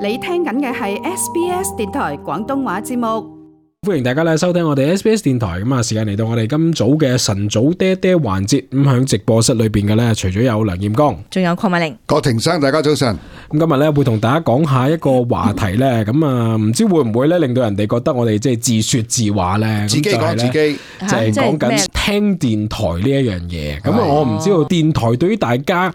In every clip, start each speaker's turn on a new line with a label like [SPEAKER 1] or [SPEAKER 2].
[SPEAKER 1] 你聽緊嘅係 SBS 電台廣東話節目，
[SPEAKER 2] 歡迎大家咧收聽我哋 SBS 電台。咁啊，時間嚟到我哋今早嘅晨早爹爹環節。咁喺直播室裏邊嘅咧，除咗有梁焱剛，仲有鄺美玲、郭庭生。大家早晨。咁今日咧會同大家講下一個話題咧。咁啊，唔知會唔會咧令到人哋覺得我哋即係自說自話咧？自己講自己，就係講緊聽電台呢一樣嘢。咁啊的，我唔知道電台對於大家。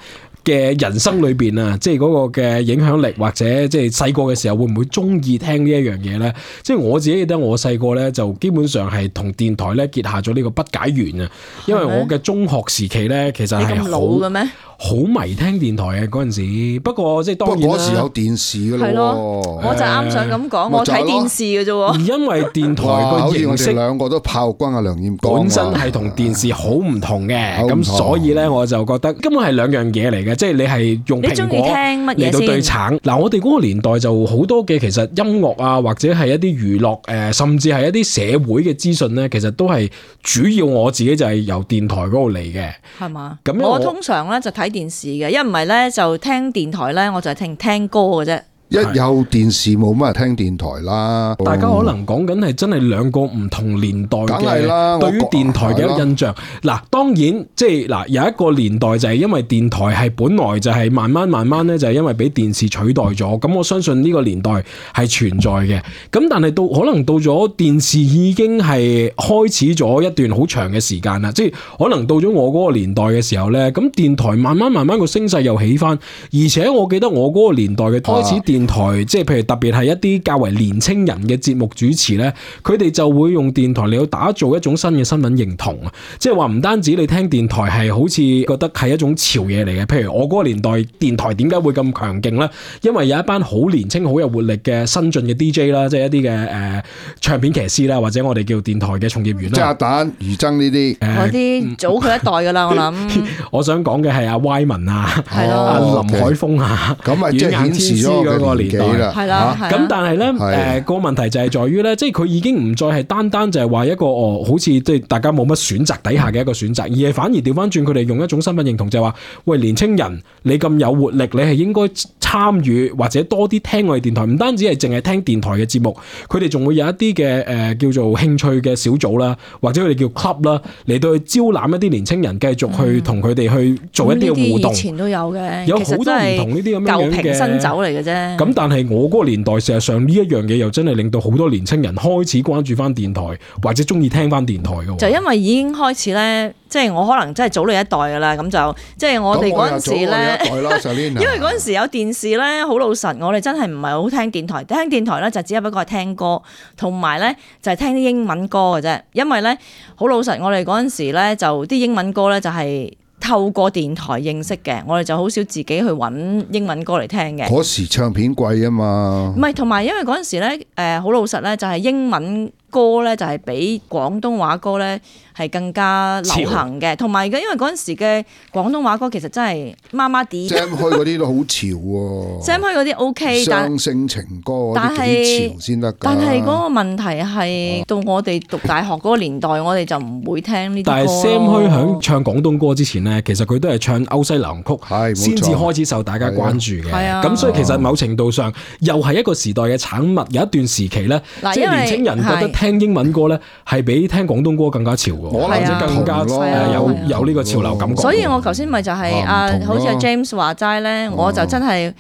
[SPEAKER 2] 嘅人生裏邊啊，即係嗰個嘅影響力，或者即係細個嘅時候會唔會中意聽這呢一樣嘢咧？即、就、係、是、我自己記得我細個咧，就基本上係同電台咧結下咗呢個不解緣啊。因為我嘅中學時期咧，其實係好，你咁老嘅咩？好迷聽電台嘅嗰陣時，不過即係、就是、當時嗰時有電視咯。我就啱想咁講，嗯、我睇電視嘅啫，因為電台個形式兩個都炮轟啊，梁焱剛、啊、本身係同電視好唔同嘅，咁所以咧的我就覺得根本係兩樣嘢嚟嘅。即係你係用你中意聽乜嘢到對橙。嗱，我哋嗰個年代就好多嘅，其實音樂啊，或者係一啲娛樂誒，甚至係一啲社會嘅資訊咧，其實都係主要我自己就係由電台嗰度嚟嘅，係
[SPEAKER 1] 嘛嗎？咁樣我，我通常咧就睇電視嘅，一唔係咧就聽電台咧，我就係聽聽歌嘅啫。一
[SPEAKER 2] 有電視，冇乜人聽電台啦，嗯、大家可能講緊係真係兩個唔同年代嘅，對於電台嘅一個印象。嗱，當然即係嗱，就是，有一個年代就係因為電台係本來就係慢慢慢慢咧，就係因為俾電視取代咗。咁我相信呢個年代係存在嘅。咁但係到可能到咗電視已經係開始咗一段好長嘅時間啦。即、就、係、是、可能到咗我嗰個年代嘅時候咧，咁電台慢慢慢慢個聲勢又起翻，而且我記得我嗰個年代嘅開始電。電台即係譬如特別係一啲較為年青人嘅節目主持呢，佢哋就會用電台嚟到打造一種新嘅身份認同啊！即係話唔單止你聽電台係好似覺得係一種潮嘢，嚟嘅，譬如我嗰個年代電台點解會咁強勁呢？因為有一班好年青、好有活力嘅新進嘅 DJ 啦，即係一啲嘅誒唱片騎師啦，或者我哋叫電台嘅從業員啦，即係阿蛋余憎」呢啲、呃，我啲
[SPEAKER 1] 早佢一代噶啦，我諗
[SPEAKER 2] 我想講嘅係阿 Y 文啊，係咯、哦，啊、林海峰啊，咁咪即係顯示了、那個個年代啦，係啦，咁、啊、但係呢誒個、啊呃、問題就係在於呢，即係佢已經唔再係單單就係話一個哦，好似即係大家冇乜選擇底下嘅一個選擇，而係反而調翻轉佢哋用一種身份認同，就係、是、話，喂，年青人，你咁有活力，你係應該參與或者多啲聽我哋電台，唔單止係淨係聽電台嘅節目，佢哋仲會有一啲嘅誒叫做興趣嘅小組啦，或者佢哋叫 club 啦，嚟到去招攬一啲年青人繼續去同佢哋去做一啲嘅互動。呢、嗯嗯、以前
[SPEAKER 1] 都有嘅，有好多唔同呢啲咁樣嘅舊瓶新酒嚟嘅啫。咁
[SPEAKER 2] 但係我嗰個年代，事實上呢一樣嘢又真係令到好多年青人開始關注翻電台，或者中意聽翻電台嘅。就
[SPEAKER 1] 因為已經開始咧，即係我可能真係早你一代嘅啦。咁就即係我哋嗰陣時咧， 因為嗰陣時有電視咧，好老實，我哋真係唔係好聽電台，聽電台咧就只不過係聽歌，同埋咧就係聽啲英文歌嘅啫。因為咧好老實，我哋嗰陣時咧就啲英文歌咧就係、是。透過電台認識嘅，我哋就好少自己去揾英文歌嚟聽嘅。嗰
[SPEAKER 3] 時唱片貴啊嘛，唔
[SPEAKER 1] 係，同埋因為嗰陣時咧，誒好老實咧，就係英文。歌咧就係、是、比廣東話歌咧係更加流行嘅，同埋嘅因為嗰陣時嘅廣東話歌其實真係麻麻哋 Sam 開
[SPEAKER 3] 嗰啲都好潮喎、啊。Sam
[SPEAKER 1] 開嗰啲 OK，但係
[SPEAKER 2] 性情歌嗰啲潮先、啊、得但係個
[SPEAKER 1] 問題係、啊、到我哋讀大學個年代，我哋就唔會聽呢啲歌。但係 Sam 開喺
[SPEAKER 2] 唱廣東歌之前咧，其實佢都係唱歐西流行曲，係冇錯，先至開始受大家關注嘅。係啊，咁所以其實某程度上又係一個時代嘅產物，有一段時期咧，即係為年輕人覺得聽。聽英文歌咧，係比聽廣東歌更加潮喎，可能就更加、啊、有、啊、有呢、啊啊、個潮流感覺。是啊、所以我
[SPEAKER 1] 頭先咪就係、是、啊，啊啊好似阿 James 話齋咧，我就真係。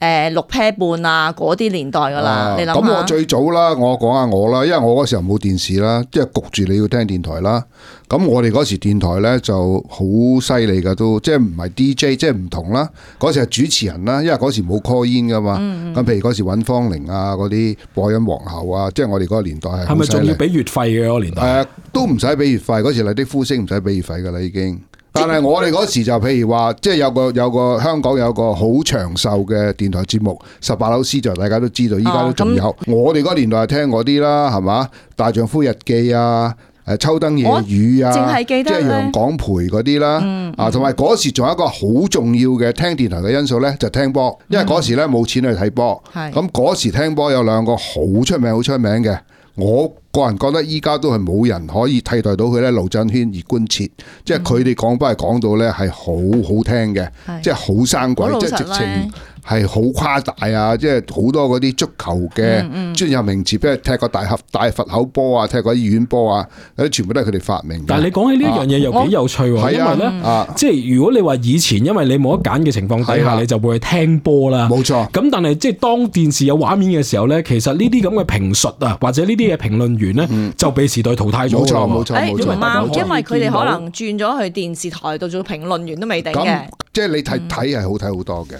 [SPEAKER 1] 誒，六 p 半啊，嗰啲年代噶啦，你諗咁、啊、我最
[SPEAKER 3] 早啦，我講下我啦，因為我嗰時候冇電視啦，即係焗住你要聽電台啦。咁我哋嗰時電台呢就好犀利噶，都即係唔係 DJ，即係唔同啦。嗰時係主持人啦，因為嗰時冇 call in 噶嘛。咁譬如嗰時搵方寧啊，嗰啲播音皇后啊，即係我哋嗰個年代係。係咪仲要
[SPEAKER 2] 俾月費嘅嗰個年
[SPEAKER 3] 代？呃、都唔使俾月費，嗰時啲呼聲唔使俾月費噶啦，已經。但係我哋嗰時就譬如話，即係有個有個香港有個好長壽嘅電台節目《十八樓 C 座》，大家都知道，依家都仲有。啊、我哋嗰年代聽嗰啲啦，係嘛《大丈夫日記》啊，誒《秋燈夜雨》啊，即係楊廣培嗰啲啦，嗯嗯、啊，同埋嗰時仲有一個好重要嘅聽電台嘅因素呢，就是、聽波，因為嗰時呢冇錢去睇波，咁嗰、嗯、時聽波有兩個好出名、好出名嘅。我個人覺得依家都係冇人可以替代到佢咧，盧振軒而觀切。嗯、即係佢哋講翻係講到咧係好好聽嘅，是即係好生鬼，即係直情。係好誇大啊！即係好多嗰啲足球嘅專有名詞，比如踢個大合大佛口波啊，踢個醫院波啊，全部都係佢哋發明嘅。但係你講起呢樣嘢又幾有趣，啊、因為咧，啊、
[SPEAKER 2] 即係如果你話以前，因為你冇得揀嘅情況底下，的你就會去聽波啦。冇錯錯。咁但係即係當電視有畫面嘅時候咧，其實呢啲咁嘅評述啊，或者呢啲嘅評論員咧，就被時代淘汰咗。冇錯，冇錯，錯、欸。
[SPEAKER 1] 因為佢哋可，可能轉咗去電視台度做評論員都未定嘅。咁
[SPEAKER 3] 即係你睇睇係好睇好多嘅。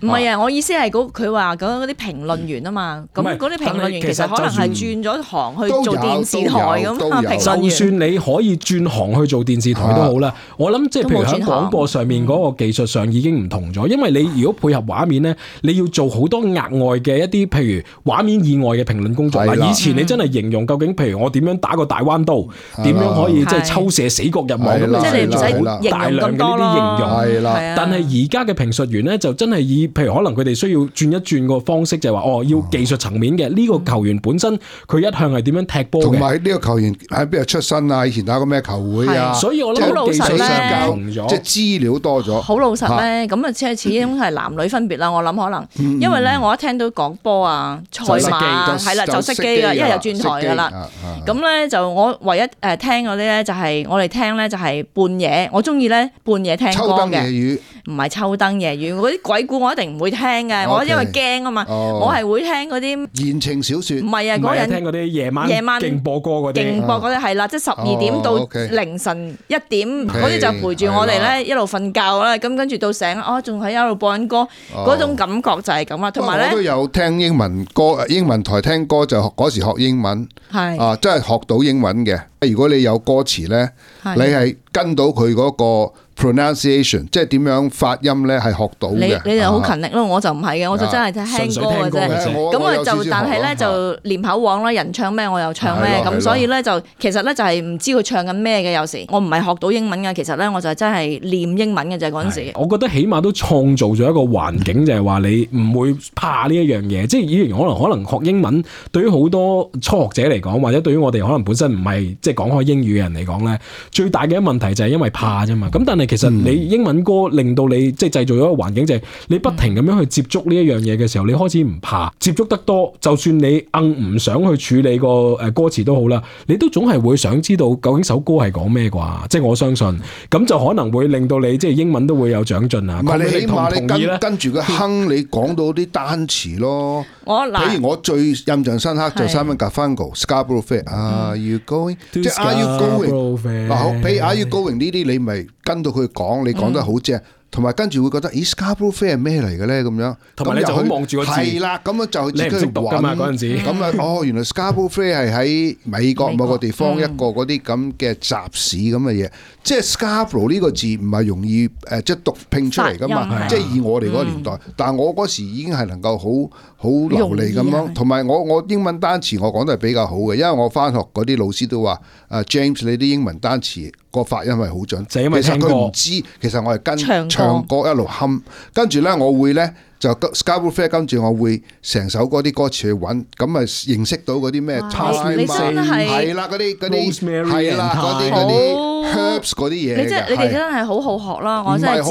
[SPEAKER 1] 唔係啊！我意思係佢話講嗰啲評論員啊嘛，咁嗰啲評論員其實可能係轉咗行去做電視台咁就，論就
[SPEAKER 2] 算你可以轉行去做電視台都好啦，啊、我諗即係譬如喺廣播上面嗰個技術上已經唔同咗，因為你如果配合畫面咧，你要做好多額外嘅一啲譬如畫面以外嘅評論工作嗱。的以前你真係形容究竟譬如我點樣打個大彎刀，點的樣可以即係抽射死角入網咁樣，的即係你唔使大量嘅呢啲形容。但係而家嘅評述員咧就真係以譬如可能佢哋需要轉一轉個方式，就係話哦，要技術層面嘅呢個球員本身佢一向係點樣踢波嘅？同埋呢個球員喺邊度出身啊？以前打過咩球會啊？所以我想，我諗好老實咧，即資料多咗，
[SPEAKER 1] 好老實咧。咁啊，即始終係男女分別啦。嗯嗯我諗可能，因為咧，我一聽到講波啊、嗯嗯賽馬啊，係啦，就熄機啦，一係就轉台㗎啦。咁咧就我唯一誒聽嗰啲咧，就係我哋聽咧就係半夜，我中意咧半夜聽歌嘅，唔係秋燈夜雨。啲鬼故一定唔會聽嘅，我因為驚啊嘛，我係會聽嗰啲
[SPEAKER 3] 言情小說，唔係啊，我係聽嗰啲夜晚勁播歌嗰啲，勁播嗰啲係
[SPEAKER 1] 啦，即係十二點到凌晨一點，嗰啲就陪住我哋咧一路瞓覺啦。咁跟住到醒，哦，仲喺一路播緊歌，嗰種感覺就係咁啦。同埋咧，我
[SPEAKER 3] 都有聽英文歌，英文台聽歌就嗰時學英文，係啊，即係學到英文嘅。如果你有歌詞咧，你係跟到佢嗰個。Pronunciation 即係點樣發音咧，係學到嘅。你你就好勤力
[SPEAKER 1] 咯，我就唔係嘅，我就真係聽歌嘅啫。咁我就，但係咧就練口簧啦。人唱咩我又唱咩，咁所以咧就其實咧就係唔知佢唱緊咩嘅有時。我唔係學到英文㗎，其實咧我就真係練英文嘅就嗰陣時。
[SPEAKER 2] 我覺得起碼都創造咗一個環境，就係話你唔會怕呢一樣嘢。即係以前可能可能學英文，對於好多初學者嚟講，或者對於我哋可能本身唔係即係講開英語嘅人嚟講咧，最大嘅問題就係因為怕啫嘛。咁但係。其實你英文歌令到你即係製造咗一個環境，就係你不停咁樣去接觸呢一樣嘢嘅時候，你開始唔怕接觸得多，就算你硬唔想去處理個誒歌詞都好啦，你都總係會想知道究竟首歌係講咩啩？即係我相信，咁就可能會令到你即係英文都會有長進啊！咪你起碼你跟
[SPEAKER 3] 跟住個哼，你講到啲單詞咯。我例如我最印象深刻就 Simon & Garfunkel 個 Scarborough 啊，are you going？Fair, 即 are you going？、啊、好，比 are you going 呢啲的你咪跟到。佢講，你講得好正。嗯同埋跟住會覺得，咦 Scarborough Fair 係咩嚟嘅咧？咁樣咁入去係啦，咁樣就自己嚟讀嗰陣時，咁啊哦，原來 Scarborough Fair 係喺美國某個地方一個嗰啲咁嘅集市咁嘅嘢。即係 Scarborough 呢個字唔係容易誒，即係讀拼出嚟㗎嘛。即係以我哋嗰個年代，但係我嗰時已經係能夠好好流利咁樣。同埋我我英文單詞我講得係比較好嘅，因為我翻學嗰啲老師都話啊 James 你啲英文單詞個發音係好準，其實佢唔知其實我係跟。唱歌一路哼，跟住咧，我會咧就《Scarborough Fair》，跟住我會成首歌啲歌詞去揾，咁咪認識到嗰啲咩？係啦是，嗰啲嗰啲係啦，嗰啲嗰啲。
[SPEAKER 1] Herbs 嗰啲嘢，你即係你哋真係好好學啦！我真係自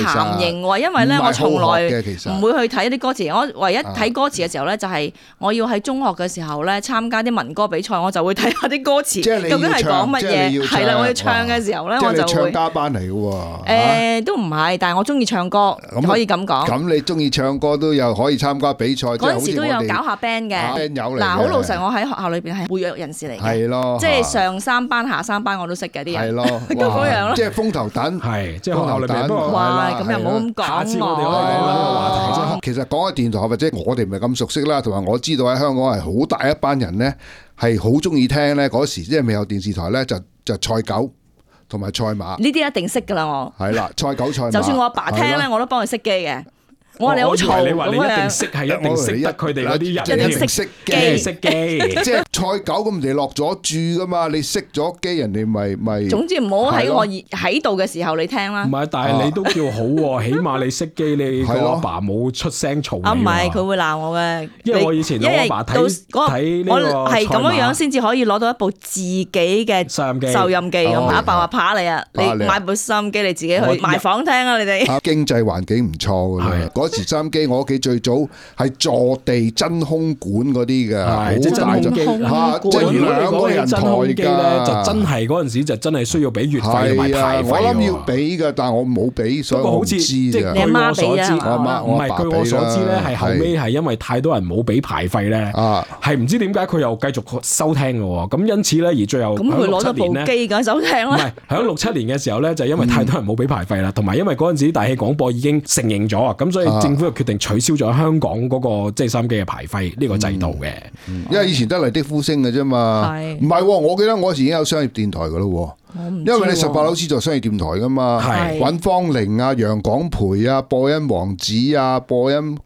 [SPEAKER 1] 慚形穢，因為咧我從來唔會去睇一啲歌詞。我唯一睇歌詞嘅時候咧，就係我要喺中學嘅時候咧參加啲民歌比賽，我就會睇下啲歌詞究竟係講乜嘢。係啦，我要唱嘅時候咧，我
[SPEAKER 3] 就會。唱家班嚟嘅
[SPEAKER 1] 喎。誒，都唔係，但係我中意唱歌，可以咁講。咁
[SPEAKER 3] 你中意唱歌都有可以參加比賽。嗰時都有搞下
[SPEAKER 1] band 嘅嗱，好老實，我喺學校裏邊係活躍人士嚟嘅。係咯，即係上三班下三班我都識嘅啲。係咯， 即
[SPEAKER 3] 係風頭躉，係風頭躉。咁我的又冇
[SPEAKER 2] 咁講。下次我哋可以
[SPEAKER 3] 講呢、呢個話題。的的其實講開電台或者我哋唔係咁熟悉啦，同埋我知道喺香港係好大一班人咧，係好鍾意聽咧嗰時，即係未有電視台咧，就就賽狗同埋賽馬。
[SPEAKER 1] 呢啲一定識㗎喇，我
[SPEAKER 3] 係啦，賽狗賽馬。就算我阿爸，
[SPEAKER 1] 爸聽咧，的我都幫佢熄機嘅。我話你好嘈，你話你一定
[SPEAKER 2] 識係一定識得佢哋嗰啲人，你唔識機，識機，即係
[SPEAKER 3] 賽狗咁，人哋落咗注噶嘛，你識
[SPEAKER 2] 咗機，人哋咪咪。總之唔好喺我
[SPEAKER 1] 喺度嘅時候，你聽啦。唔係，但係你都叫
[SPEAKER 2] 好喎，起碼你識機，你個阿爸冇出聲嘈你啊。唔係，
[SPEAKER 1] 佢會鬧我嘅，因為我以前都阿爸睇睇呢個賽馬。係咁樣樣先至可以攞到一部自己嘅收音機。收音機，阿爸阿爸話怕你啊！你買部收音機，你自己去埋房聽啊！你哋
[SPEAKER 3] 經濟環境唔錯㗎啦。係。收音機，我屋企最早係坐地真空管嗰啲噶，好大隻吓，即係如果嗰人台機咧，真
[SPEAKER 2] 係嗰陣時就真係需要俾月費同埋牌費。我諗要
[SPEAKER 3] 俾噶，但我冇俾，所以我唔知。即係你阿媽俾啊，阿媽唔係，據我
[SPEAKER 2] 所知咧，係後尾，係因為太多人冇俾牌費咧，係唔知點解佢又繼續收聽嘅。咁因此咧，而最後咁佢攞咗部機繼續聽咧。係響六七年嘅時候咧，就因為太多人冇俾牌費啦，同埋因為嗰陣時大氣廣播已經承認咗啊，咁所以。政府就決定取消咗香港嗰、那個即係收音機嘅牌費呢、這個制度嘅，嗯嗯、
[SPEAKER 3] 因為以前得麗的呼聲嘅啫嘛。係是，唔係、哦？我記得我嗰時已經有商業電台嘅咯。我、啊、因為你十八樓 C 座做商業電台噶嘛。係是。尹芳玲啊，楊廣培啊，播音王子啊，播音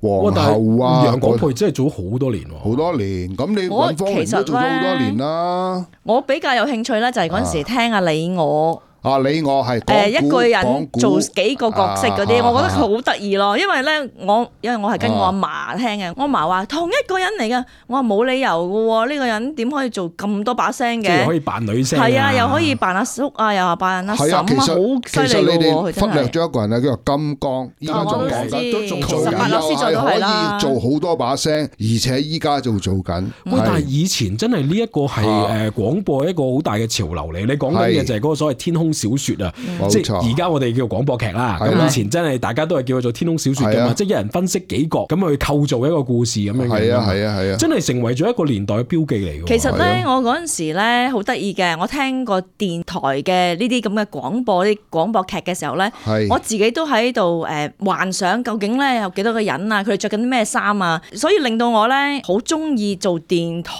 [SPEAKER 3] 皇后啊。哇！但楊廣培真係做咗好多、啊、多年。好多年、啊。咁你尹芳玲都做咗好多年啦。
[SPEAKER 1] 我比較有興趣咧，就係嗰陣時聽下你我啊。
[SPEAKER 3] 話你我係誒一個人做幾個角色嗰啲，我覺得佢好
[SPEAKER 1] 得意咯。因為咧，我因為我係跟我阿嫲聽嘅，我阿嫲話同一個人嚟嘅，我話冇理由嘅喎。呢個人點可以做咁多把聲嘅？可以扮
[SPEAKER 2] 女聲，係啊，又可
[SPEAKER 1] 以扮阿叔啊，又話扮阿嬸啊，好犀利咯！忽略咗一個人咧，
[SPEAKER 3] 叫做金剛，
[SPEAKER 1] 依家做緊都做，又係可以
[SPEAKER 3] 做好多把聲，
[SPEAKER 2] 而且依家仲做緊。喂，但係以前真係呢一個係誒廣播一個好大嘅潮流嚟。你講緊嘅就係嗰個所謂天空小說啊，嗯、即係而家我哋叫做廣播劇啦。咁、嗯、以前真係大家都係叫佢做天空小說嘅嘛，啊、即係一人分析幾角咁去構造一個故事咁樣係啊，係啊，係啊，啊真係成為咗一個年代嘅標記嚟。啊、其實咧，啊、
[SPEAKER 1] 我嗰陣時咧好得意嘅，我聽過電台嘅呢啲咁嘅廣播啲廣播劇嘅時候咧，啊、我自己都喺度誒幻想究竟咧有幾多個人啊，佢哋着緊啲咩衫啊，所以令到我咧好中意做電台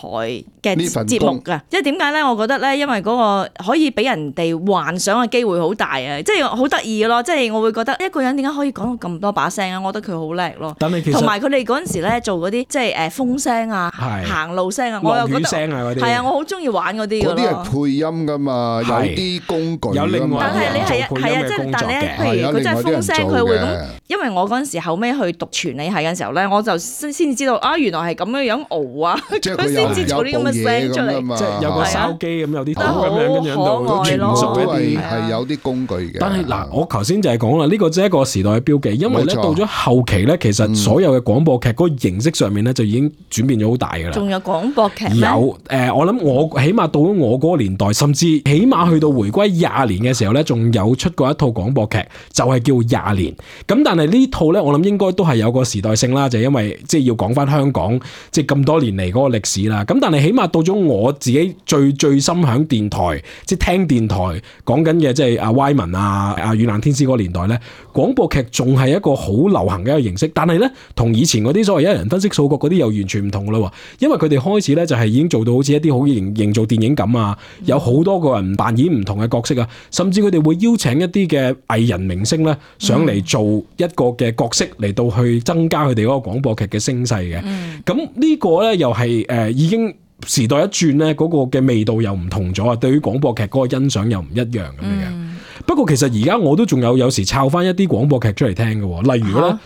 [SPEAKER 1] 嘅節目噶。即係點解咧？我覺得咧，因為嗰個可以俾人哋幻。想嘅機會好大啊！即係好得意咯，即係我會覺得一個人點解可以講到咁多把聲啊？我覺得佢好叻咯。同埋佢哋嗰陣時咧做嗰啲即係誒風聲啊、行路聲啊，我又覺得係啊！我好中意玩嗰啲啲係
[SPEAKER 3] 配音噶嘛，有啲工具。有另外，但係你係係啊，即係但係譬如佢真係風聲，佢會咁。
[SPEAKER 1] 因為我嗰陣時後屘去讀傳理係嘅時候咧，我就先先知道啊，原來係咁樣樣熬啊，佢先知道呢啲
[SPEAKER 2] 嘢出嚟即係有個手機咁，有啲好嘅名啲。係有啲工具嘅，但係嗱，我頭先、這個、就係講啦，呢個即係一個時代嘅標記，因為咧錯到咗後期咧，其實所有嘅廣播劇嗰個形式上面咧，嗯、就已經轉變咗好大噶啦。仲有
[SPEAKER 1] 廣播劇咧？有
[SPEAKER 2] 誒、呃，我諗我起碼到咗我嗰個年代，甚至起碼去到回歸廿年嘅時候咧，仲有出過一套廣播劇，就係、是、叫廿年。咁但係呢套咧，我諗應該都係有個時代性啦，就是、因為即係、就是、要講翻香港即係咁多年嚟嗰個歷史啦。咁但係起碼到咗我自己最最深響電台，即、就、係、是、聽電台講。講緊嘅即係阿 Y 文啊、阿、啊、軟硬天師嗰個年代咧，廣播劇仲係一個好流行嘅一個形式。但係咧，同以前嗰啲所謂一人分飾數角嗰啲又完全唔同噶啦。因為佢哋開始咧就係已經做到好似一啲好似營造電影咁啊，有好多個人扮演唔同嘅角色啊，甚至佢哋會邀請一啲嘅藝人明星咧上嚟做一個嘅角色嚟到去增加佢哋嗰個廣播劇嘅聲勢嘅。咁呢個咧又係誒、呃、已經。時代一轉呢，嗰、嗰個嘅味道又唔同咗啊！對於廣播劇嗰個欣賞又唔一樣咁樣。嗯、不過其實而家我都仲有有時抄翻一啲廣播劇出嚟聽嘅喎，例如咧，啊。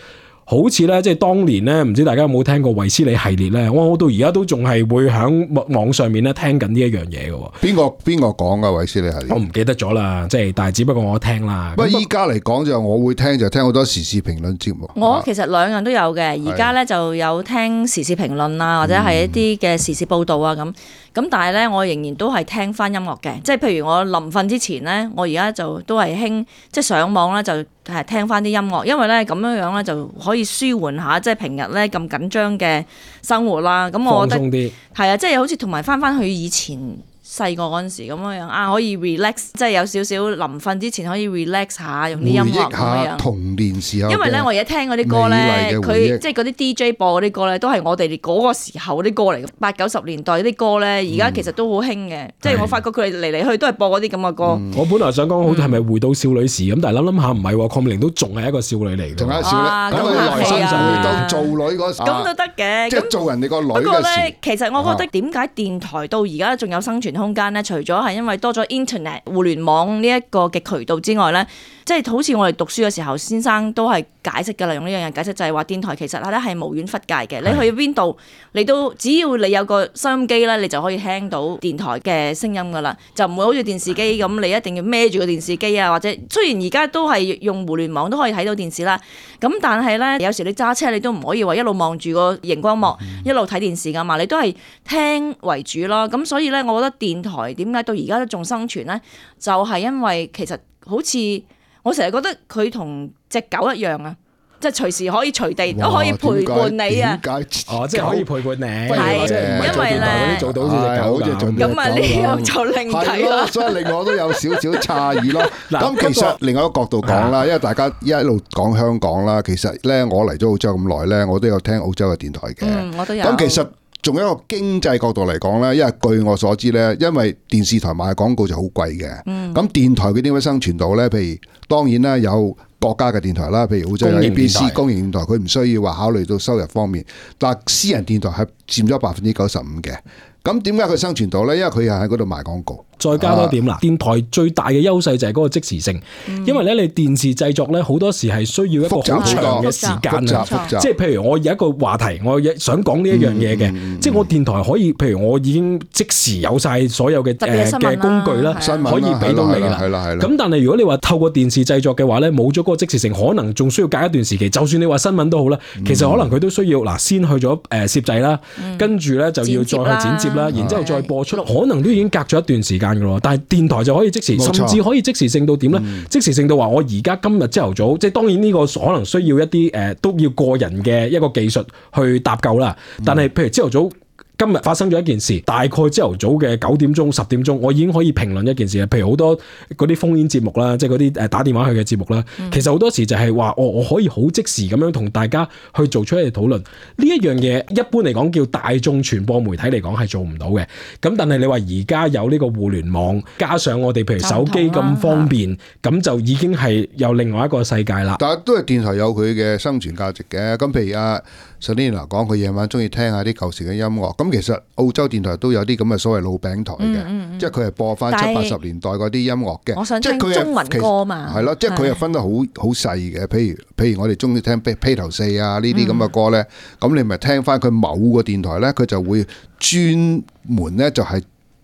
[SPEAKER 2] 好似咧，即係當年咧，唔知大家有冇聽過維斯理系列咧？我到而家都仲係會喺網上面咧聽緊呢一樣嘢嘅。邊個邊個講㗎維斯理系列？系列我唔記得咗啦，即係但係只不過我聽啦。
[SPEAKER 3] 不過依家嚟講，就我會聽就聽好多時事評論節目。
[SPEAKER 1] 我其實兩樣都有嘅，而家咧就有聽時事評論啊，的或者係一啲嘅時事報導啊咁。嗯嗯咁但係咧，我仍然都係聽翻音樂嘅，即係譬如我臨瞓之前咧，我而家就都係興即係上網咧就係聽翻啲音樂，因為咧咁樣樣咧就可以舒緩一下，即係平日咧咁緊張嘅生活啦。咁我覺得係啊，即係好似同埋翻翻去以前。細個嗰陣時咁樣啊，可以 relax，即係有少少臨瞓之前可以 relax 下，用啲音樂咁樣。回憶下
[SPEAKER 3] 童年時候。因為咧，我而家
[SPEAKER 1] 聽嗰啲歌咧，佢即係嗰啲 DJ 播嗰啲歌咧，都係我哋嗰個時候啲歌嚟，八九十年代嗰啲歌咧，而家其實都好興嘅。即係我發覺佢哋嚟嚟去都係播嗰啲咁嘅歌。
[SPEAKER 2] 我本來想講好似係咪回到少女時咁，但係諗諗下唔係喎，鄺美玲都仲係一個少女嚟㗎。仲係少女，睇下佢內
[SPEAKER 1] 心想做女嗰時候。咁都得
[SPEAKER 2] 嘅，即係
[SPEAKER 3] 做人哋個女嘅事。不過咧，其實我覺得
[SPEAKER 1] 點解電台到而家仲有生存？中間咧，除咗係因為多咗 Internet 互聯網呢一個嘅渠道之外咧，即係好似我哋讀書嘅時候，先生都係解釋嘅啦，用呢樣嘢解釋就係話電台其實咧係無遠弗屆嘅，的你去邊度你都只要你有個收音機咧，你就可以聽到電台嘅聲音噶啦，就唔會好似電視機咁，你一定要孭住個電視機啊，或者雖然而家都係用互聯網都可以睇到電視啦，咁但係咧，有時你揸車你都唔可以話一路望住個熒光幕一路睇電視噶嘛，你都係聽為主咯，咁所以咧，我覺得電電台點解到而家都仲生存咧？就係因為其實好似我成日覺得佢同隻狗一樣啊，即係隨時可以隨地都可以陪伴你啊！點解？
[SPEAKER 2] 哦，即係可以陪伴你，係、呃狗哦、因為咧做到好似隻狗咁。咁啊，呢樣就另係啊！所以令我
[SPEAKER 3] 都有少少詫異咯。咁其實另外一個角度講啦，因為大家一路講香港啦，其實咧我嚟咗澳洲咁耐咧，我都有聽澳洲嘅電台嘅。我都有。咁、嗯、其實。仲有一個經濟角度嚟講呢，因為據我所知呢，因為電視台賣廣告就好貴嘅。咁、嗯、電台佢點樣生存到呢？譬如當然啦，有國家嘅電台啦，譬如澳洲 ABC 公營電台，佢唔需要話考慮到收入方面。但私人電
[SPEAKER 2] 台係佔咗百分之九十五嘅。咁點解
[SPEAKER 3] 佢生存到呢？因為佢又喺嗰度賣廣
[SPEAKER 2] 告。再加多點啦！電台最大嘅優勢就係嗰個即時性，因為咧你電視製作咧好多時係需要一個好長嘅時間，即係譬如我有一個話題，我想講呢一樣嘢嘅，即係我電台可以，譬如我已經即時有晒所有嘅嘅工具啦，可以俾到你啦，咁但係如果你話透過電視製作嘅話咧，冇咗嗰個即時性，可能仲需要隔一段時期。就算你話新聞都好啦，其實可能佢都需要嗱，先去咗誒攝製啦，跟住咧就要再去剪接啦，然之後再播出啦，可能都已經隔咗一段時間。但係電台就可以即時，沒錯 甚至可以即時性到點呢？嗯、即時性到話我而家今日朝頭早，即係當然呢個可能需要一啲、呃、都要個人嘅一個技術去搭救啦。嗯、但係譬如朝頭早。今日發生咗一件事，大概朝頭早嘅九點鐘、十點鐘，我已經可以評論一件事。譬如好多嗰啲烽煙節目啦，即係嗰啲打電話去嘅節目啦，其實好多時就係話，我我可以好即時咁樣同大家去做出一啲討論。呢一樣嘢一般嚟講叫大眾傳播媒體嚟講係做唔到嘅。咁但係你話而家有呢個互聯網，加上我哋譬如手機咁方便，咁就已經係有另外一個世界啦。
[SPEAKER 3] 但係都係電台有佢嘅生存價值嘅。咁譬如啊。s 十 n 嚟講，佢夜晚中意聽下啲舊時嘅音樂。咁其實澳洲電台都有啲咁嘅所謂的老餅台嘅，嗯嗯、即係佢係播翻七八十年代嗰啲音樂嘅。是我想聽中文歌嘛。係咯，即係佢係分得好好細嘅。譬如的譬如我哋中意聽披披頭四啊呢啲咁嘅歌咧，咁、嗯、你咪聽翻佢某個電台咧，佢就會專門咧就係、是。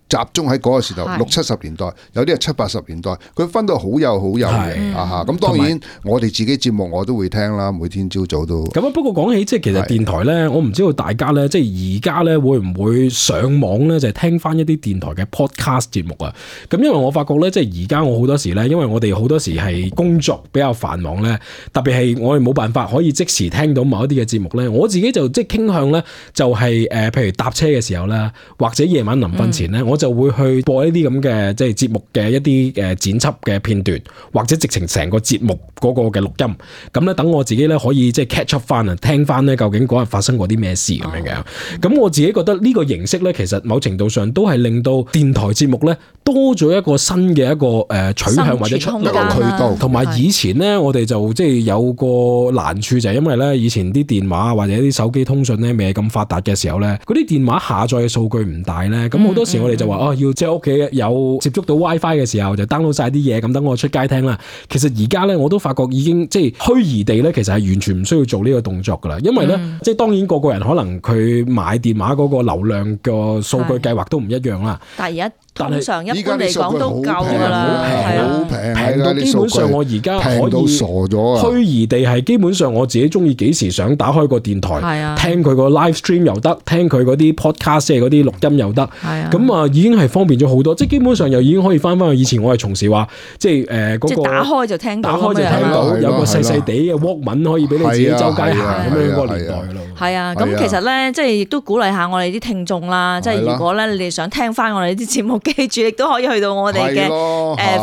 [SPEAKER 3] 集中喺嗰個時代，六七十年代，有啲係七八十年代，佢分到好有好有嘅啊！嚇是，咁當然我哋自己節目我都會聽啦，每天朝早都。
[SPEAKER 2] 咁啊、嗯，不過講起即係其實電台咧，是我唔知道大家咧，即係而家咧會唔會上網咧，就係聽翻一啲電台嘅 podcast 節目啊？咁因為我發覺咧，即係而家我好多時咧，因為我哋好多時係工作比較繁忙咧，特別係我哋冇辦法可以即時聽到某一啲嘅節目咧，我自己就即係傾向咧、就是，就係誒譬如搭車嘅時候咧，或者夜晚臨瞓前咧，我、嗯。就會去播一啲咁嘅即係節目嘅一啲誒剪輯嘅片段，或者直情成個節目嗰個嘅錄音，咁咧等我自己咧可以即係 catch up 翻啊，聽翻咧究竟嗰日發生過啲咩事咁樣、哦、樣。咁我自己覺得呢個形式咧，其實某程度上都係令到電台節目咧多咗一個新嘅一個誒、呃、取向、啊、或者出一個渠道。同埋以前咧，我哋就即係有個難處，就係因為咧的以前啲電話或者啲手機通訊咧未咁發達嘅時候咧，嗰啲電話下載嘅數據唔大咧，咁好多時我哋就嗯嗯話哦，要即係屋企有接觸到 WiFi 嘅時候就了些東西，就 download 晒啲嘢，咁等我出街聽啦。其實而家呢，我都發覺已經即係虛擬地呢，其實係完全唔需要做呢個動作噶啦。因為呢，嗯、即係當然個個人可能佢買電話嗰個流量個數據計劃都唔一樣啦。
[SPEAKER 1] 但係一。但係依家嚟講都夠㗎啦，係啊，平到基本上我而家可以，
[SPEAKER 2] 平到傻咗啊！虛擬地係基本上我自己中意幾時想打開個電台，係啊，聽佢個 live stream 又得，聽佢嗰啲 podcast 嘅嗰啲錄音又得，咁啊已經係方便咗好多，即係基本上又已經可以翻返去以前我係從事話，即係誒嗰個打開
[SPEAKER 1] 就聽，打開就聽到有個細細地
[SPEAKER 2] 嘅 walkman 可以俾你自己周街行咁樣個年代咯。
[SPEAKER 1] 係啊，咁其實咧即係亦都鼓勵下我哋啲聽眾啦，即係如果咧你哋想聽翻我哋啲節目。記住，亦都可以去到我哋嘅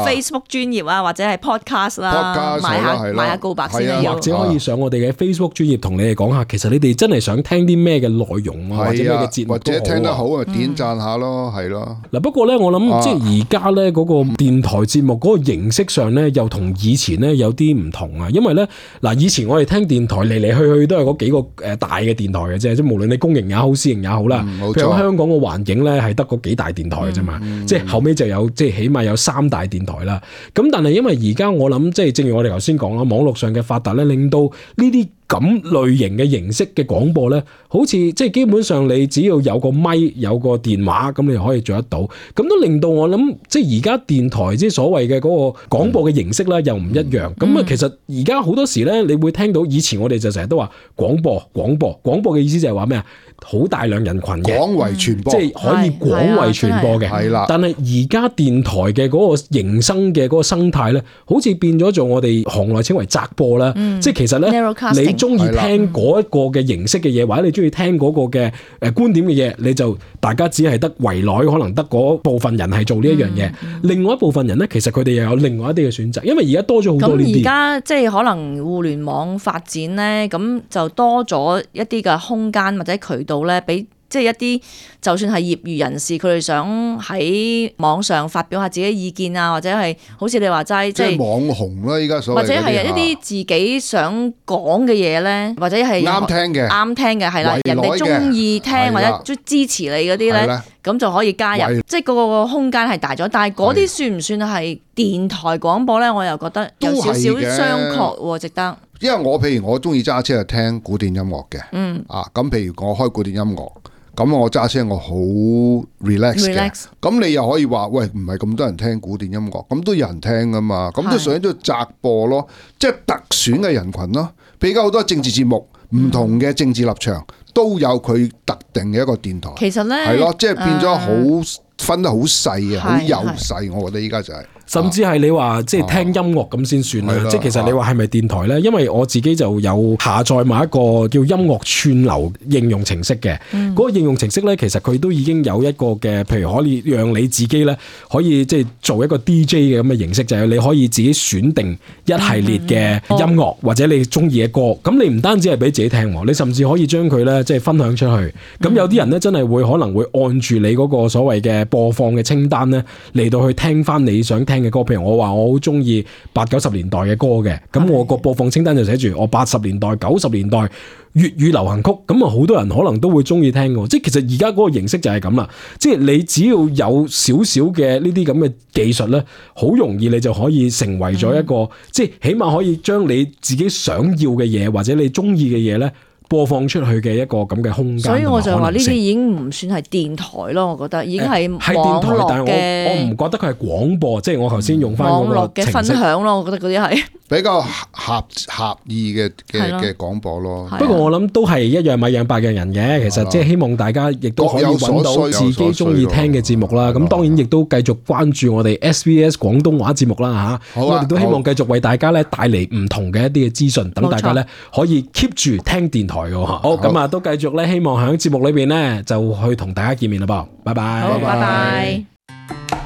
[SPEAKER 1] Facebook 專頁啊，或者係 Podcast 啦，買下買下告白先，或者可以
[SPEAKER 2] 上我哋嘅 Facebook 專頁同你哋講下，其實你哋真係想聽啲咩嘅內容啊，或者咩嘅節目都好啊，或者聽得
[SPEAKER 3] 好啊，點讚下咯，係咯。
[SPEAKER 2] 嗱不過咧，我諗即係而家咧嗰個電台節目嗰個形式上咧，又同以前咧有啲唔同啊。因為咧嗱，以前我哋聽電台嚟嚟去去都係嗰幾個大嘅電台嘅啫，即係無論你公營也好，私營也好啦。冇錯。譬如香港嘅環境咧，係得嗰幾大電台嘅啫嘛。嗯、即係後尾就有，即係起碼有三大電台啦。咁但係因為而家我諗，即係正如我哋頭先講啦，網絡上嘅發達咧，令到呢啲咁類型嘅形式嘅廣播呢，好似即係基本上你只要有個咪、有個電話咁，你就可以做得到。咁都令到我諗，即係而家電台即係所謂嘅嗰個廣播嘅形式呢，嗯、又唔一樣。咁啊、嗯，其實而家好多時呢，你會聽到以前我哋就成日都話廣播廣播廣播嘅意思就係話咩啊？好大量人群嘅廣為傳播，即係、嗯、可以廣為傳播嘅。但係而家電台嘅嗰個營生嘅嗰個生態呢，好似變咗做我哋行內稱為窄播啦。嗯、即係其實呢，你。中意聽嗰一個嘅形式嘅嘢，或者你中意聽嗰個嘅誒觀點嘅嘢，你就大家只係得圍內，可能得嗰部分人係做呢一樣嘢，另外一部分人咧，其實佢哋又有另外一啲嘅選擇，因為而家多咗好多呢啲。咁而家
[SPEAKER 1] 即係可能互聯網發展咧，咁就多咗一啲嘅空間或者渠道咧，俾。即係一啲，就算係業餘人士，佢哋想喺網上發表下自己意見啊，或者係好似你話齋，即係
[SPEAKER 3] 網紅啦，依家所或者係一啲
[SPEAKER 1] 自己想講嘅嘢咧，或者係啱聽嘅，啱聽嘅係啦，人哋中意聽或者支持你嗰啲咧，咁就可以加入。即係嗰個空間係大咗，但係嗰啲算唔算係電台廣播咧？我又覺得都少少商榷喎，值得。
[SPEAKER 3] 因為我譬如我中意揸車去聽古典音樂嘅，嗯，啊咁譬如我開古典音樂。咁我揸車我好 relax 嘅，咁 Relax? 你又可以話喂，唔係咁多人聽古典音樂，咁都有人聽㗎嘛，咁都屬於都窄播咯，的即係特選嘅人群咯。譬如而家好多政治節目，唔、嗯、同嘅政治立場都有佢特定嘅一個電台。
[SPEAKER 1] 其實咧，係咯，即係變咗
[SPEAKER 3] 好分得好細，好幼細，我覺得依家就係、是。
[SPEAKER 2] 甚至係你話即係聽音樂咁先算啦，啊、即係其實你話係咪電台咧？因為我自己就有下載埋一個叫音樂串流應用程式嘅，嗰個，嗯、應用程式咧，其實佢都已經有一個嘅，譬如可以讓你自己咧，可以即係做一個 DJ 嘅咁嘅形式，就係、是、你可以自己選定一系列嘅音樂，嗯、或者你中意嘅歌。咁你唔單止係俾自己聽，你甚至可以將佢咧即係分享出去。咁有啲人咧，真係會可能會按住你嗰個所謂嘅播放嘅清單咧，嚟到去聽翻你想聽聽嘅歌，譬如我話我好中意八九十年代嘅歌嘅，咁我個播放清單就寫住我八十年代、九十年代粵語流行曲，咁啊，好多人可能都會中意聽嘅。即係其實而家嗰個形式就係咁啦，即係你只要有少少嘅呢啲咁嘅技術呢，好容易你就可以成為咗一個，即係起碼可以將你自己想要嘅嘢，或者你中意嘅嘢呢，播放出去嘅一個咁嘅空間，所以我就話呢啲已
[SPEAKER 1] 經唔算係電台咯，我覺得已經係網絡、欸、電台，但我唔
[SPEAKER 2] 覺得佢係廣播，即係我頭先用翻嗰個網絡嘅分
[SPEAKER 1] 享咯，我覺得嗰啲係。
[SPEAKER 2] 比較合合
[SPEAKER 3] 意嘅嘅嘅廣播咯，不過
[SPEAKER 2] 我諗都係一樣米養百樣人嘅，其實即係希望大家亦都可以揾到自己中意聽嘅節目啦。咁當然亦都繼續關注我哋 SBS 廣東話節目啦，吓，我哋都希望繼續為大家咧帶嚟唔同嘅一啲嘅資訊，等大家咧可以 keep 住聽電台嘅。好，咁啊都繼續咧，希望喺節目裏邊呢就去同大家見面啦，噃，拜拜，拜拜。